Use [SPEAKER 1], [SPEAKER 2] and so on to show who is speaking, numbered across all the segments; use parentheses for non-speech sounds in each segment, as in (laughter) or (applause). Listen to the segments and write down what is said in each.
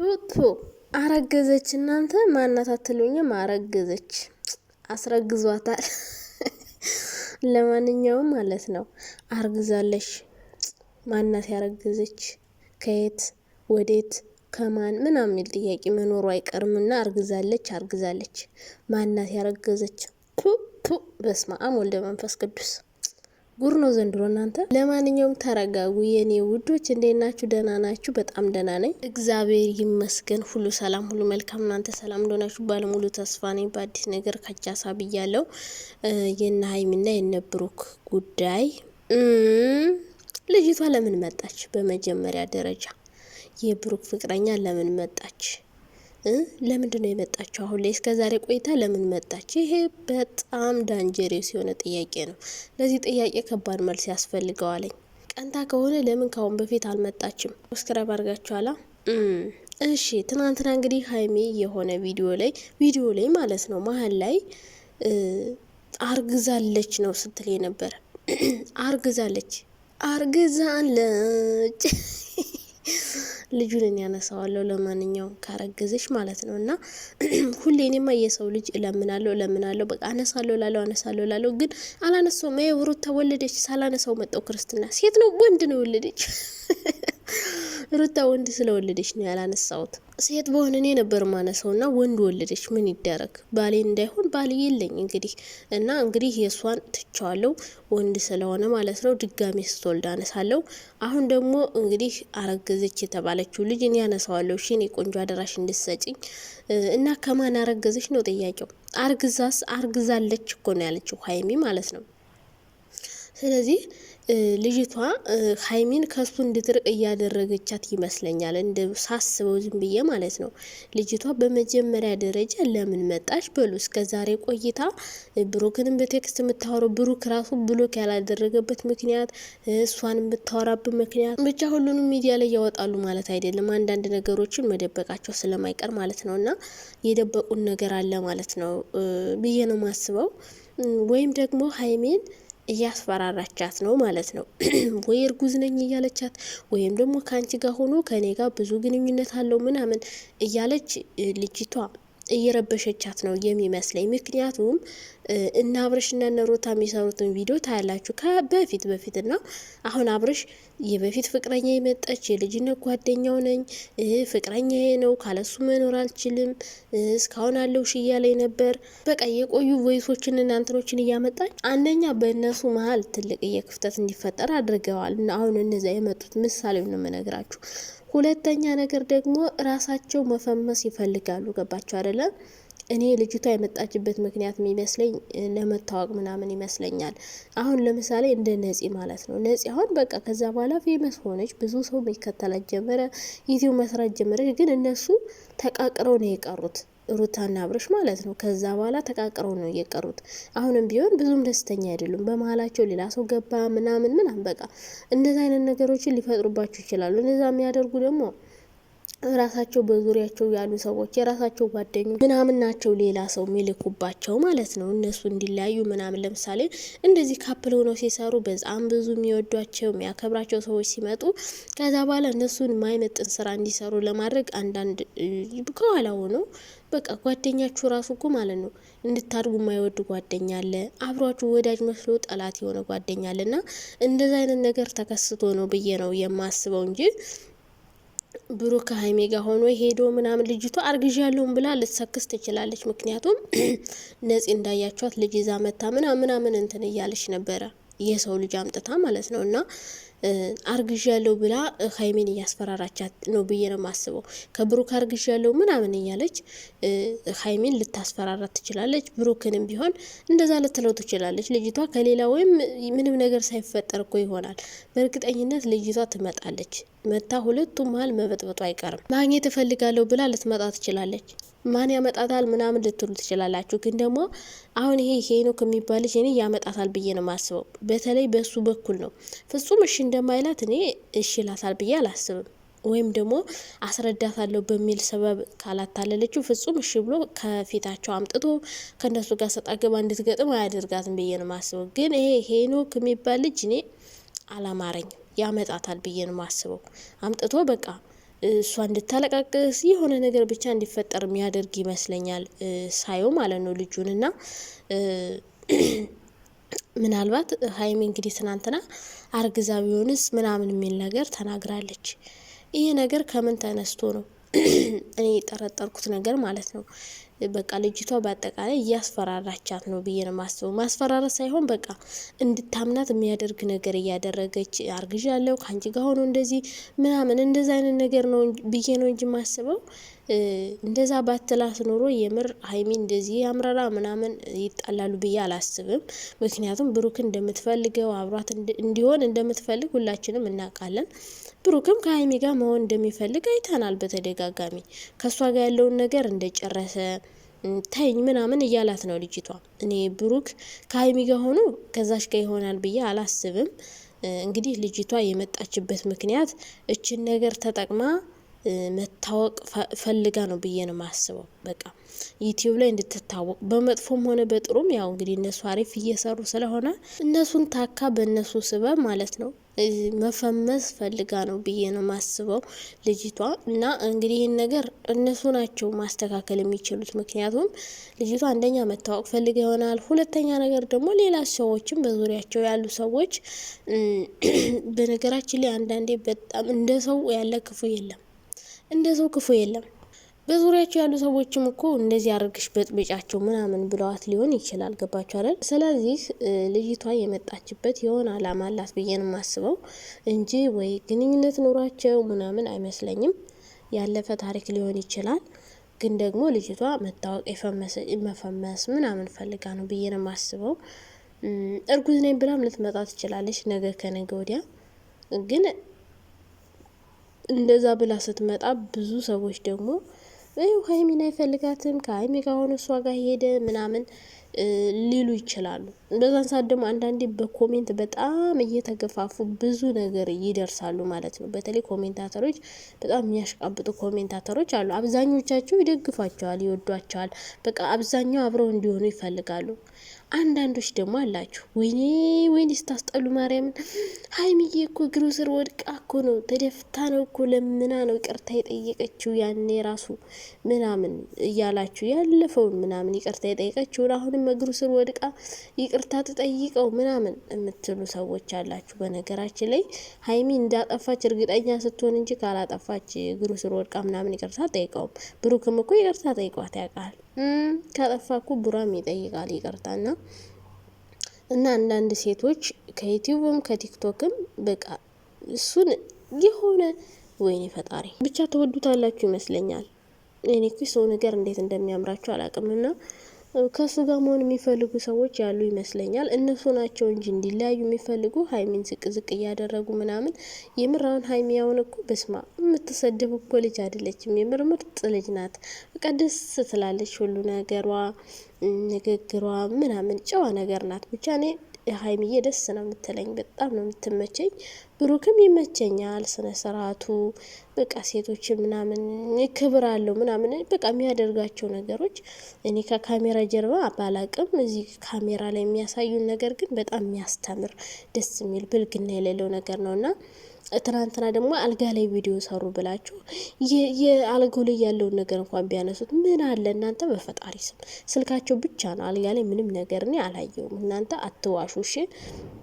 [SPEAKER 1] ቱቱ አረገዘች። እናንተ ማናት አትሉኝም? አረገዘች፣ አስረግዟታል። (laughs) ለማንኛውም ማለት ነው አርግዛለች። ማናት ያረገዘች? ከየት ወዴት ከማን ምናምን የሚል ጥያቄ መኖሩ አይቀርምና አርግዛለች፣ አርግዛለች። ማናት ያረገዘች? ቱ ቱ በስመ አብ ወልደ መንፈስ ቅዱስ ጉር ነው ዘንድሮ እናንተ። ለማንኛውም ተረጋጉ የኔ ውዶች፣ እንዴት ናችሁ? ደህና ናችሁ? በጣም ደህና ነኝ፣ እግዚአብሔር ይመስገን። ሁሉ ሰላም፣ ሁሉ መልካም። እናንተ ሰላም እንደሆናችሁ ባለሙሉ ተስፋ ነኝ። በአዲስ ነገር ከቻሳ ብያለው። የነ ሀይሚና የነ ብሩክ ጉዳይ ልጅቷ ለምን መጣች? በመጀመሪያ ደረጃ የብሩክ ፍቅረኛ ለምን መጣች? ለምንድን ነው የመጣችው አሁን ላይ? እስከ ዛሬ ቆይታ ለምን መጣች? ይሄ በጣም ዳንጀሬስ የሆነ ጥያቄ ነው። ለዚህ ጥያቄ ከባድ መልስ ያስፈልገዋለኝ። ቀንታ ከሆነ ለምን ካሁን በፊት አልመጣችም? ሰብስክራይብ አድርጋችኋላ? እሺ ትናንትና እንግዲህ ሀይሚ የሆነ ቪዲዮ ላይ ቪዲዮ ላይ ማለት ነው መሀል ላይ አርግዛለች ነው ስትል የነበረ (clears throat) አርግዛለች አርግዛለች (laughs) ልጁን እኔ ያነሳዋለሁ። ለማንኛውም ካረገዘች ማለት ነው። እና (clears throat) ሁሌ እኔማ የሰው ልጅ እለምናለሁ እለምናለሁ፣ በቃ አነሳለሁ ላለው አነሳለሁ ላለው፣ ግን ማየ ውሩት ተወለደች ሳላነሳው መጣው ክርስትና። ሴት ነው ወንድ ነው የወለደች (laughs) ሩታ ወንድ ስለወለደች ነው ያላነሳሁት። ሴት በሆነ እኔ ነበር ማነሰው እና ወንድ ወለደች። ምን ይደረግ ባሌ እንዳይሆን ባሌ የለኝ እንግዲህ እና እንግዲህ የእሷን ትቸዋለው ወንድ ስለሆነ ማለት ነው። ድጋሚ ስትወልድ አነሳለው። አሁን ደግሞ እንግዲህ አረገዘች የተባለችው ልጅ እኔ ያነሳዋለሁ። እሺ እኔ ቆንጆ አደራሽ እንድሰጭኝ እና ከማን አረገዘች ነው ጥያቄው። አርግዛስ አርግዛለች እኮ ነው ያለችው ሀይሚ ማለት ነው። ስለዚህ ልጅቷ ሀይሚን ከሱ እንድትርቅ እያደረገቻት ይመስለኛል። እንደ ሳስበው ዝም ብዬ ማለት ነው። ልጅቷ በመጀመሪያ ደረጃ ለምን መጣች በሉ። እስከ ዛሬ ቆይታ ብሩክንም በቴክስት የምታወራው ብሩክ ራሱ ብሎክ ያላደረገበት ምክንያት፣ እሷን የምታወራበት ምክንያት ብቻ ሁሉንም ሚዲያ ላይ ያወጣሉ ማለት አይደለም። አንዳንድ ነገሮችን መደበቃቸው ስለማይቀር ማለት ነው። እና የደበቁን ነገር አለ ማለት ነው ብዬ ነው ማስበው ወይም ደግሞ ሀይሚን እያስፈራራቻት ነው ማለት ነው። (clears throat) ወይ እርጉዝ ነኝ እያለቻት ወይም ደግሞ ከአንቺ ጋር ሆኖ ከእኔ ጋር ብዙ ግንኙነት አለው ምናምን እያለች ልጅቷ እየረበሸቻት ነው የሚመስለኝ ምክንያቱም እና አብርሽና ነሮታ የሚሰሩትን ቪዲዮ ታያላችሁ። በፊት በፊት እና አሁን አብርሽ የበፊት ፍቅረኛ የመጣች የልጅነት ጓደኛው ነኝ ፍቅረኛ ነው ካለሱ መኖር አልችልም እስካሁን አለው ሽያ ላይ ነበር። በቃ የቆዩ ቮይሶችን እና እንትኖችን እያመጣች አንደኛ በእነሱ መሀል ትልቅ የክፍተት እንዲፈጠር አድርገዋል። አሁን እነዚያ የመጡት ምሳሌ ነው የምነግራችሁ። ሁለተኛ ነገር ደግሞ ራሳቸው መፈመስ ይፈልጋሉ። ገባቸው አይደለም? እኔ ልጅቷ የመጣችበት ምክንያት የሚመስለኝ ለመታወቅ ምናምን ይመስለኛል። አሁን ለምሳሌ እንደ ነፂ ማለት ነው። ነፂ አሁን በቃ ከዛ በኋላ ፌመስ ሆነች፣ ብዙ ሰው መከተላት ጀመረ፣ ዩቲዩብ መስራት ጀመረች። ግን እነሱ ተቃቅረው ነው የቀሩት ሩታና አብርሽ ማለት ነው። ከዛ በኋላ ተቃቅረው ነው የቀሩት። አሁንም ቢሆን ብዙም ደስተኛ አይደሉም። በመሀላቸው ሌላ ሰው ገባ ምናምን ምናምን፣ በቃ እንደዚ አይነት ነገሮችን ሊፈጥሩባቸው ይችላሉ። እነዛ የሚያደርጉ ደግሞ ራሳቸው በዙሪያቸው ያሉ ሰዎች የራሳቸው ጓደኞች ምናምን ናቸው ሌላ ሰው የሚልኩባቸው ማለት ነው። እነሱ እንዲለያዩ ምናምን ለምሳሌ እንደዚህ ካፕል ሆነው ሲሰሩ በጣም ብዙ የሚወዷቸው የሚያከብራቸው ሰዎች ሲመጡ ከዛ በኋላ እነሱን የማይመጥን ስራ እንዲሰሩ ለማድረግ አንዳንድ ከኋላ ሆኖ በቃ ጓደኛችሁ ራሱ እኮ ማለት ነው እንድታድጉ የማይወድ ጓደኛ አለ። አብሯችሁ ወዳጅ መስሎ ጠላት የሆነ ጓደኛ አለ እና እንደዚ አይነት ነገር ተከስቶ ነው ብዬ ነው የማስበው እንጂ ብሩክ ከሀይሜ ጋር ሆኖ ሄዶ ምናምን ልጅቷ አርግዣ ያለውን ብላ ልትሰክስ ትችላለች። ምክንያቱም (clears throat) ነፂ እንዳያቸዋት ልጅ ይዛ መታ ምናምን ምናምን እንትን እያለች ነበረ። የሰው ልጅ አምጥታ ማለት ነው እና አርግዥ ያለው ብላ ሀይሜን እያስፈራራቻት ነው ብዬ ነው የማስበው። ከብሩክ አርግዥ ያለው ምናምን እያለች ሀይሜን ልታስፈራራት ትችላለች። ብሩክንም ቢሆን እንደዛ ልትለው ትችላለች። ልጅቷ ከሌላ ወይም ምንም ነገር ሳይፈጠር እኮ ይሆናል። በእርግጠኝነት ልጅቷ ትመጣለች። መታ ሁለቱ መሀል መበጥበጡ አይቀርም። ማግኘት እፈልጋለሁ ብላ ልትመጣ ትችላለች። ማን ያመጣታል ምናምን ልትሉ ትችላላችሁ። ግን ደግሞ አሁን ይሄ ሄኖክ የሚባል ልጅ እኔ ያመጣታል ብዬ ነው ማስበው በተለይ በሱ በኩል ነው ፍጹም እሺ እንደማይላት እኔ እሺ ላታል ብዬ አላስብም። ወይም ደግሞ አስረዳታለሁ በሚል ሰበብ ካላታለለችው ፍጹም እሺ ብሎ ከፊታቸው አምጥቶ ከእነሱ ጋር ሰጣገባ እንድትገጥም አያደርጋትም ብዬ ነው ማስበው። ግን ይሄ ሄኖክ የሚባል ልጅ እኔ አላማረኝም። ያመጣታል ብዬ ነው ማስበው። አምጥቶ በቃ እሷ እንድታለቃቅስ የሆነ ነገር ብቻ እንዲፈጠር የሚያደርግ ይመስለኛል ሳየው ማለት ነው ልጁን እና ምናልባት ሀይሚ እንግዲህ ትናንትና አርግዛ ቢሆንስ ምናምን የሚል ነገር ተናግራለች። ይሄ ነገር ከምን ተነስቶ ነው (clears throat) እኔ የጠረጠርኩት ነገር ማለት ነው። በቃ ልጅቷ በአጠቃላይ እያስፈራራቻት ነው ብዬ ነው ማስበው። ማስፈራራ ሳይሆን በቃ እንድታምናት የሚያደርግ ነገር እያደረገች አርግዣለሁ፣ ከአንቺ ጋር ሆኖ እንደዚህ ምናምን እንደዚ አይነት ነገር ነው ብዬ ነው እንጂ ማስበው እንደዛ ባትላት ኖሮ የምር ሀይሚ እንደዚህ አምረራ ምናምን ይጣላሉ ብዬ አላስብም። ምክንያቱም ብሩክ እንደምትፈልገው አብሯት እንዲሆን እንደምትፈልግ ሁላችንም እናውቃለን። ብሩክም ከሀይሚ ጋር መሆን እንደሚፈልግ አይተናል በተደጋጋሚ ከእሷ ጋር ያለውን ነገር እንደጨረሰ ተኝ ምናምን እያላት ነው ልጅቷ። እኔ ብሩክ ከሀይሚ ጋር ሆኖ ከዛች ጋር ይሆናል ብዬ አላስብም። እንግዲህ ልጅቷ የመጣችበት ምክንያት እችን ነገር ተጠቅማ መታወቅ ፈልጋ ነው ብዬ ነው የማስበው። በቃ ዩቲዩብ ላይ እንድትታወቅ በመጥፎም ሆነ በጥሩም ያው እንግዲህ እነሱ አሪፍ እየሰሩ ስለሆነ እነሱን ታካ በእነሱ ስበ ማለት ነው መፈመስ ፈልጋ ነው ብዬ ነው ማስበው ልጅቷ። እና እንግዲህ ይህን ነገር እነሱ ናቸው ማስተካከል የሚችሉት። ምክንያቱም ልጅቷ አንደኛ መታወቅ ፈልጋ ይሆናል፣ ሁለተኛ ነገር ደግሞ ሌላ ሰዎችም በዙሪያቸው ያሉ ሰዎች። (clears throat) በነገራችን ላይ አንዳንዴ በጣም እንደ ሰው ያለ ክፉ የለም እንደዛው ክፉ የለም። በዙሪያቸው ያሉ ሰዎችም እኮ እንደዚህ አድርግሽ በጥብጫቸው ምናምን ብለዋት ሊሆን ይችላል። ገባችሁ አይደል? ስለዚህ ልጅቷ የመጣችበት የሆነ አላማ አላት ብዬ ነው የማስበው እንጂ ወይ ግንኙነት ኖሯቸው ምናምን አይመስለኝም። ያለፈ ታሪክ ሊሆን ይችላል። ግን ደግሞ ልጅቷ መታወቅ መፈመስ ምናምን ፈልጋ ነው ብዬ ነው የማስበው። እርጉዝ ነኝ ብላም ልትመጣ ትችላለች ነገ ከነገ ወዲያ ግን እንደዛ ብላ ስትመጣ ብዙ ሰዎች ደግሞ ይኸው ሀይሚን አይፈልጋትም ከሀይሚ ከሆነ እሷ ጋር ሄደ ምናምን ሊሉ ይችላሉ። በዛን ሰዓት ደግሞ አንዳንዴ በኮሜንት በጣም እየተገፋፉ ብዙ ነገር ይደርሳሉ ማለት ነው። በተለይ ኮሜንታተሮች፣ በጣም የሚያሽቃብጡ ኮሜንታተሮች አሉ። አብዛኞቻቸው ይደግፏቸዋል፣ ይወዷቸዋል። በቃ አብዛኛው አብረው እንዲሆኑ ይፈልጋሉ። አንዳንዶች ደግሞ አላችሁ፣ ወይኔ ወይኔ ስታስጠሉ ማርያምን። ሀይሚዬ እኮ እግሩ ስር ወድቃ እኮ ነው ተደፍታ ነው እኮ ለምና ነው ይቅርታ የጠየቀችው ያኔ ራሱ ምናምን እያላችሁ ያለፈውን ምናምን ይቅርታ የጠየቀችውን አሁንም እግሩ ስር ወድቃ ይቅርታ ትጠይቀው ምናምን የምትሉ ሰዎች አላችሁ። በነገራችን ላይ ሀይሚ እንዳጠፋች እርግጠኛ ስትሆን እንጂ ካላጠፋች እግሩ ስር ወድቃ ምናምን ይቅርታ አጠይቀውም። ብሩክም እኮ ይቅርታ ጠይቋት ያውቃል። ከጠፋኩ ቡራም ይጠይቃል ይቅርታና እና አንዳንድ ሴቶች ከዩቲዩብም ከቲክቶክም በቃ እሱን የሆነ ወይኔ ፈጣሪ ብቻ ተወዱታላችሁ ይመስለኛል። እኔ እኮ ሰው ነገር እንዴት እንደሚያምራችሁ አላቅምና ከሱ ጋር መሆን የሚፈልጉ ሰዎች ያሉ ይመስለኛል። እነሱ ናቸው እንጂ እንዲለያዩ የሚፈልጉ ሀይሚን ዝቅ ዝቅ እያደረጉ ምናምን። የምራውን ሀይሚ ያውን እኮ በስማ የምትሰድብ እኮ ልጅ አይደለችም። የምር ምርጥ ልጅ ናት። በቃ ደስ ትላለች፣ ሁሉ ነገሯ፣ ንግግሯ ምናምን ጨዋ ነገር ናት። ብቻ እኔ ሀይሚዬ ደስ ነው የምትለኝ፣ በጣም ነው የምትመቸኝ። ብሩክም ይመቸኛል፣ ስነ ስርዓቱ በቃ ሴቶች ምናምን ክብር አለው ምናምን በቃ የሚያደርጋቸው ነገሮች እኔ ከካሜራ ጀርባ ባላቅም እዚህ ካሜራ ላይ የሚያሳዩን ነገር ግን በጣም የሚያስተምር ደስ የሚል ብልግና የሌለው ነገር ነው እና ትናንትና ደግሞ አልጋ ላይ ቪዲዮ ሰሩ ብላችሁ የአልጋው ላይ ያለውን ነገር እንኳን ቢያነሱት ምን አለ እናንተ። በፈጣሪ ስም ስልካቸው ብቻ ነው። አልጋ ላይ ምንም ነገር እኔ አላየውም። እናንተ አትዋሹሽ፣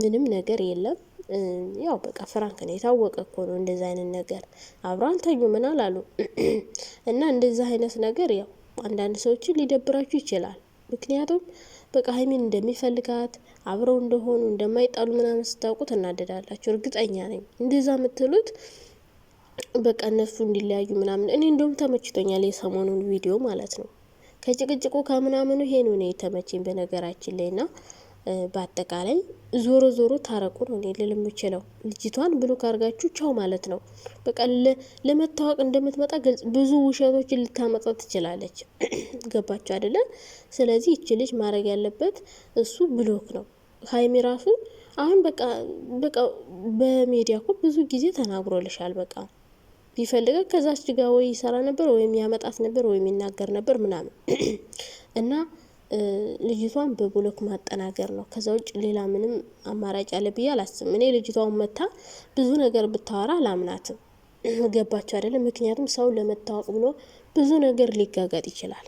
[SPEAKER 1] ምንም ነገር የለም። ያው በቃ ፍራንክ ነው፣ የታወቀ እኮ ነው። እንደዚ አይነት ነገር አብረው አልተኙ ምን አላሉ (clears throat) እና እንደዚህ አይነት ነገር ያው አንዳንድ ሰዎችን ሊደብራችሁ ይችላል። ምክንያቱም በቃ ሀይሚን እንደሚፈልጋት አብረው እንደሆኑ እንደማይጣሉ ምናምን ስታውቁ ትናደዳላችሁ። እርግጠኛ ነኝ እንደዛ የምትሉት በቃ እነሱ እንዲለያዩ ምናምን። እኔ እንደውም ተመችቶኛል የሰሞኑን ቪዲዮ ማለት ነው ከጭቅጭቁ ከምናምኑ ይሄ ነው የተመቸኝ በነገራችን ላይ ና በአጠቃላይ ዞሮ ዞሮ ታረቁ ነው እኔ ልል የምችለው። ልጅቷን ብሎክ ካርጋችሁ ቻው ማለት ነው። በቃ ለመታወቅ እንደምትመጣ ግልጽ፣ ብዙ ውሸቶችን ልታመጣ ትችላለች። (clears throat) ገባችሁ አይደለ? ስለዚህ ይች ልጅ ማድረግ ያለበት እሱ ብሎክ ነው። ሀይሚ ራሱ አሁን በቃ በቃ በሚዲያ እኮ ብዙ ጊዜ ተናግሮልሻል። በቃ ቢፈልገ ከዛች ጋር ወይ ይሰራ ነበር ወይም ያመጣት ነበር ወይም ይናገር ነበር ምናምን (clears throat) እና ልጅቷን በብሎክ ማጠናገር ነው። ከዛ ውጭ ሌላ ምንም አማራጭ አለ ብዬ አላስብም። እኔ ልጅቷን መታ ብዙ ነገር ብታወራ አላምናትም። (clears throat) ገባቸው አይደለም? ምክንያቱም ሰው ለመታወቅ ብሎ ብዙ ነገር ሊጋጋጥ ይችላል።